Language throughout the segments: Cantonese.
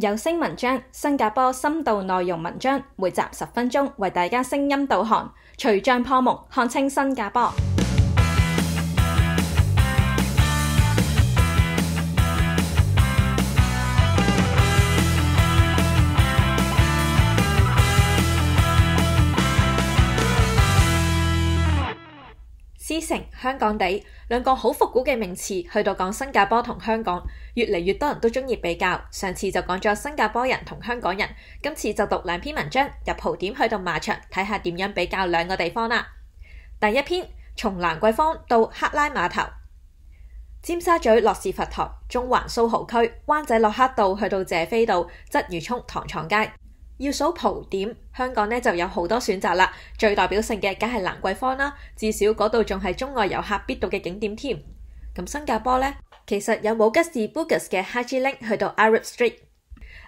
有聲文章，新加坡深度內容文章，每集十分鐘，為大家聲音導航，除障破夢，看清新加坡。獅城、香港地，兩個好復古嘅名詞，去到講新加坡同香港，越嚟越多人都中意比較。上次就講咗新加坡人同香港人，今次就讀兩篇文章，入蒲點去到馬場，睇下點樣比較兩個地方啦。第一篇從蘭桂坊到克拉碼頭，尖沙咀諾士佛台，中環蘇豪區，灣仔駱克道去到謝斐道，鰂魚涌糖廠街。要數蒲點，香港呢就有好多選擇啦。最代表性嘅梗係蘭桂坊啦，至少嗰度仲係中外遊客必到嘅景點添。咁新加坡呢，其實有武吉士 Bugis 嘅 Haji Lane 去到 Arab Street，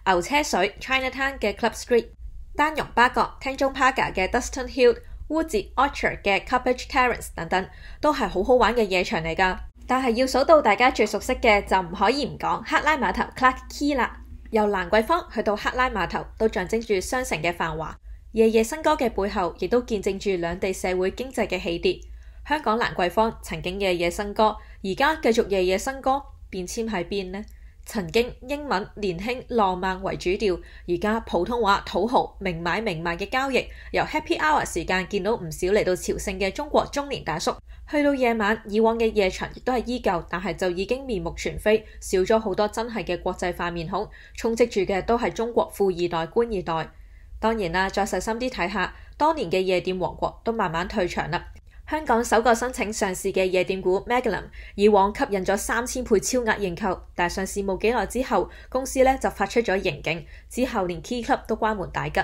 牛車水 Chinatown 嘅 Club Street，丹戎巴葛 Tanjong Pagar 嘅 Duxton Hill，烏節 Orchard 嘅 Cuppage Terrace 等等，都係好好玩嘅夜場嚟噶。但係要數到大家最熟悉嘅，就唔可以唔講克拉碼頭 Clarke Quay 啦。由蘭桂坊去到克拉碼頭，都象徵住雙城嘅繁華。夜夜笙歌嘅背後，亦都見證住兩地社會經濟嘅起跌。香港蘭桂坊曾經夜夜笙歌，而家繼續夜夜笙歌，變遷喺邊呢？曾經英文年輕浪漫為主調，而家普通話土豪明買明賣嘅交易。由 Happy Hour 時間見到唔少嚟到朝聖嘅中國中年大叔。去到夜晚，以往嘅夜場亦都係依舊，但係就已經面目全非，少咗好多真係嘅國際化面孔，充斥住嘅都係中國富二代、官二代。當然啦，再細心啲睇下，當年嘅夜店王國都慢慢退場啦。香港首個申請上市嘅夜店股 Magnum 以往吸引咗三千倍超額認購，但上市冇幾耐之後，公司咧就發出咗刑警，之後連 K 級都關門大吉。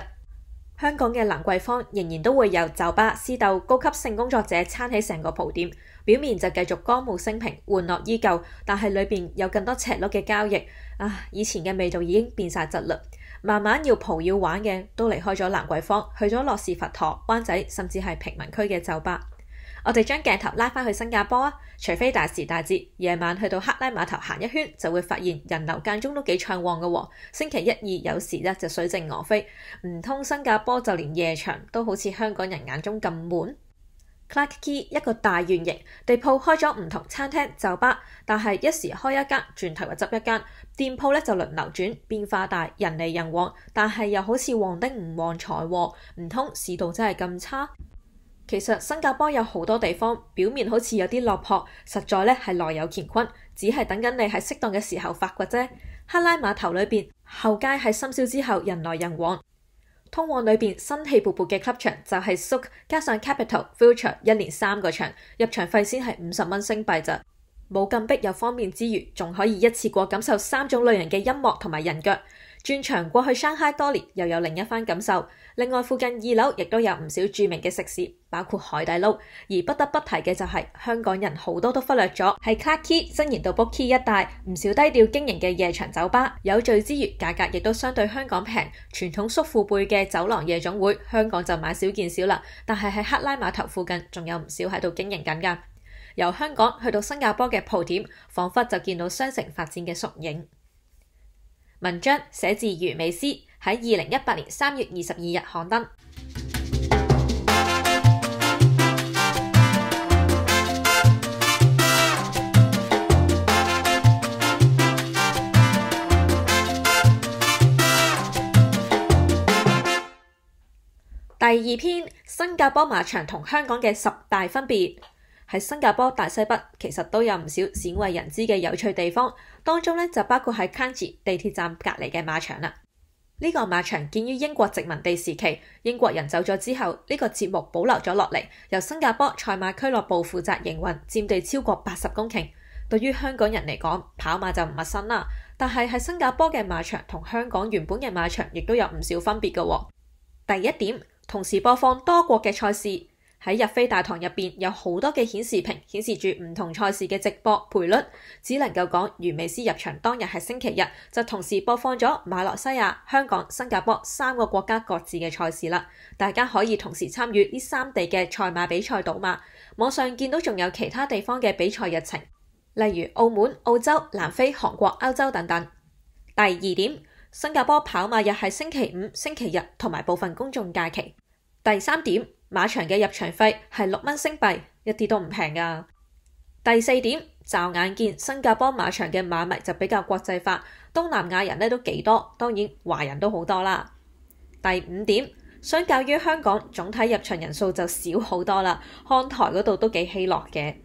香港嘅蘭桂坊仍然都會有酒吧私鬥高級性工作者撐起成個鋪點，表面就繼續歌舞升平，玩樂依舊，但係裏邊有更多赤裸嘅交易。啊，以前嘅味道已經變晒質嘞，慢慢要蒲要玩嘅都離開咗蘭桂坊，去咗樂士佛陀、灣仔，甚至係平民區嘅酒吧。我哋將鏡頭拉返去新加坡啊！除非大時大節，夜晚去到克拉碼頭行一圈，就會發現人流間中都幾暢旺嘅、哦。星期一、二有時咧就水靜鵝飛，唔通新加坡就連夜場都好似香港人眼中咁悶？Clarke Quay 一個大圓形地鋪，開咗唔同餐廳、酒吧，但係一時開一間，轉頭又執一間，店鋪咧就輪流轉，變化大，人嚟人往，但係又好似旺丁唔旺財喎、哦，唔通市道真係咁差？其實新加坡有好多地方，表面好似有啲落魄，實在咧係內有乾坤，只係等緊你喺適當嘅時候發掘啫。克拉碼頭裏邊後街喺深宵之後人來人往，通往裏邊生氣勃勃嘅 club 場就係 Zouk，加上 Capital Future 一年三個場，入場費先係五十蚊星幣咋，冇咁逼又方便之餘，仲可以一次過感受三種類型嘅音樂同埋人腳。轉場過去山海多年，又有另一番感受。另外附近二樓亦都有唔少著名嘅食肆，包括海底撈。而不得不提嘅就係、是、香港人好多都忽略咗，係 Clarke 新賢道 Bookie 一帶唔少低調經營嘅夜場酒吧。有罪之餘，價格亦都相對香港平。傳統叔父輩嘅走廊夜總會，香港就買少見少啦。但係喺克拉碼頭附近仲有唔少喺度經營緊噶。由香港去到新加坡嘅鋪點，仿佛就見到雙城發展嘅縮影。文章寫自余美詩，喺二零一八年三月二十二日刊登。第二篇：新加坡馬場同香港嘅十大分別。喺新加坡大西北，其實都有唔少鮮為人知嘅有趣地方，當中呢就包括喺康治地鐵站隔離嘅馬場啦。呢個馬場建於英國殖民地時期，英國人走咗之後，呢個節目保留咗落嚟，由新加坡賽馬俱樂部負責營運，佔地超過八十公頃。對於香港人嚟講，跑馬就唔陌生啦。但係喺新加坡嘅馬場同香港原本嘅馬場亦都有唔少分別嘅喎。第一點，同時播放多國嘅賽事。喺日菲大堂入邊有好多嘅顯示屏，顯示住唔同賽事嘅直播、賠率，只能夠講。魚美斯入場當日係星期日，就同時播放咗馬來西亞、香港、新加坡三個國家各自嘅賽事啦。大家可以同時參與呢三地嘅賽馬比賽賭馬。網上見到仲有其他地方嘅比賽日程，例如澳門、澳洲、南非、韓國、歐洲等等。第二點，新加坡跑馬日係星期五、星期日同埋部分公眾假期。第三點。馬場嘅入場費係六蚊星幣，一啲都唔平㗎。第四點，驟眼見新加坡馬場嘅馬迷就比較國際化，東南亞人呢都幾多，當然華人都好多啦。第五點，相較於香港，總體入場人數就少好多啦，看台嗰度都幾稀落嘅。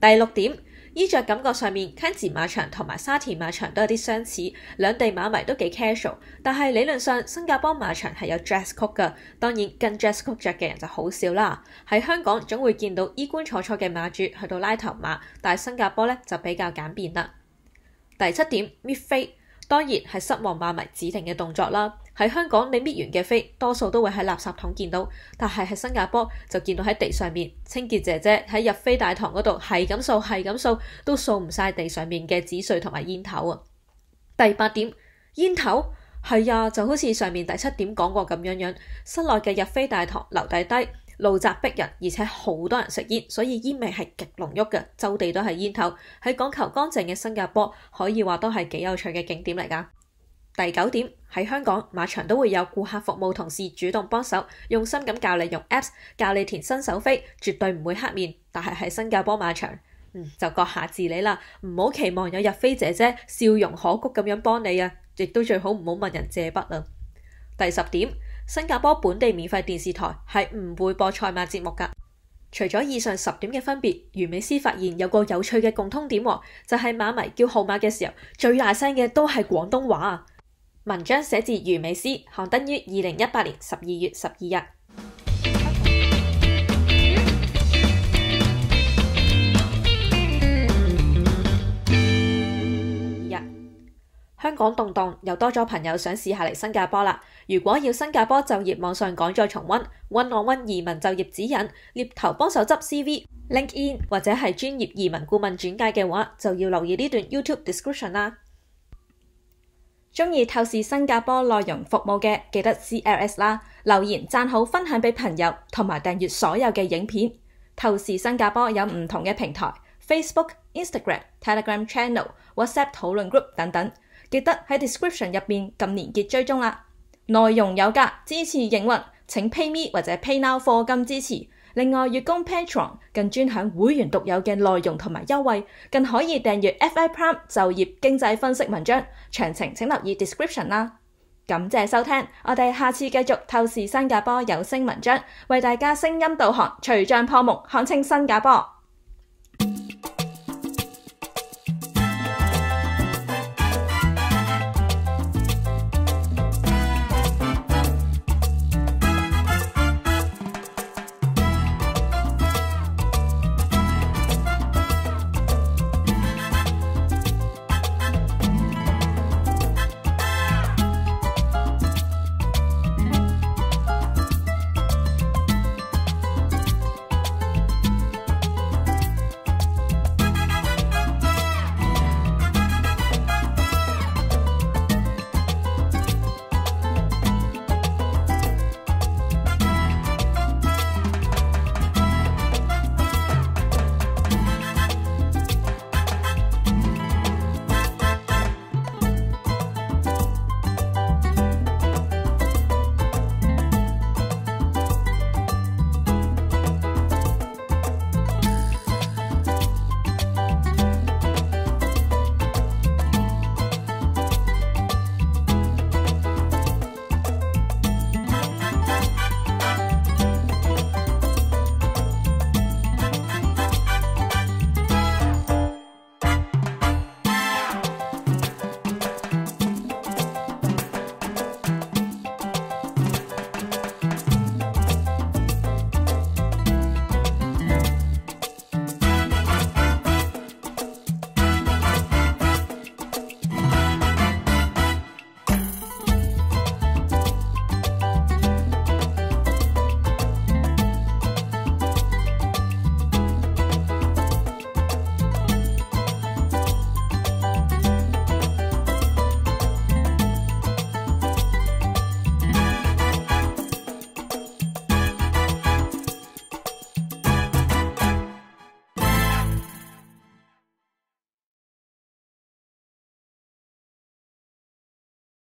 第六點。衣着感覺上面，肯治馬場同埋沙田馬場都有啲相似，兩地馬迷都幾 casual。但係理論上，新加坡馬場係有 dress code 嘅，當然跟 dress code 著嘅人就好少啦。喺香港總會見到衣冠楚楚嘅馬主去到拉頭馬，但係新加坡咧就比較簡便啦。第七點，搣飛，當然係失望馬迷指定嘅動作啦。喺香港你搣完嘅飛，多數都會喺垃圾桶見到，但係喺新加坡就見到喺地上面，清潔姐姐喺入飛大堂嗰度係咁掃，係咁掃都掃唔晒地上面嘅紙碎同埋煙頭啊！第八點，煙頭係啊，就好似上面第七點講過咁樣樣，室內嘅入飛大堂樓底低低，路窄逼人，而且好多人食煙，所以煙味係極濃郁嘅，周地都係煙頭。喺講求乾淨嘅新加坡，可以話都係幾有趣嘅景點嚟噶。第九點，喺香港馬場都會有顧客服務同事主動幫手，用心咁教你用 apps，教你填新手飛，絕對唔會黑面。但係喺新加坡馬場，嗯就各下自理啦，唔好期望有日飛姐姐笑容可掬咁樣幫你啊，亦都最好唔好問人借筆啊。第十點，新加坡本地免費電視台係唔會播賽馬節目噶。除咗以上十點嘅分別，完美思發現有個有趣嘅共通點喎，就係、是、馬迷叫號碼嘅時候最大聲嘅都係廣東話文章寫自余美詩，刊登於二零一八年十二月十二日。 香港動盪，又多咗朋友想試下嚟新加坡啦。如果要新加坡就業網上趕再重溫，溫我溫移民就業指引，獵頭幫手執 CV、LinkedIn 或者係專業移民顧問轉介嘅話，就要留意呢段 YouTube description 啦。中意透視新加坡內容服務嘅，記得 CLS 啦，留言、讚好、分享俾朋友，同埋訂閱所有嘅影片。透視新加坡有唔同嘅平台，Facebook、Instagram、Telegram Channel、WhatsApp 討論 group 等等，記得喺 description 入面撳連結追蹤啦。內容有價，支持營運，請 PayMe 或者 PayNow 貨金支持。另外，月供 Patreon 更專享會員獨有嘅內容同埋優惠，更可以訂閱 FI Prime 就業經濟分析文章，詳情請留意 description 啦。感謝收聽，我哋下次繼續透視新加坡有聲文章，為大家聲音導航，除障破目，看清新加坡。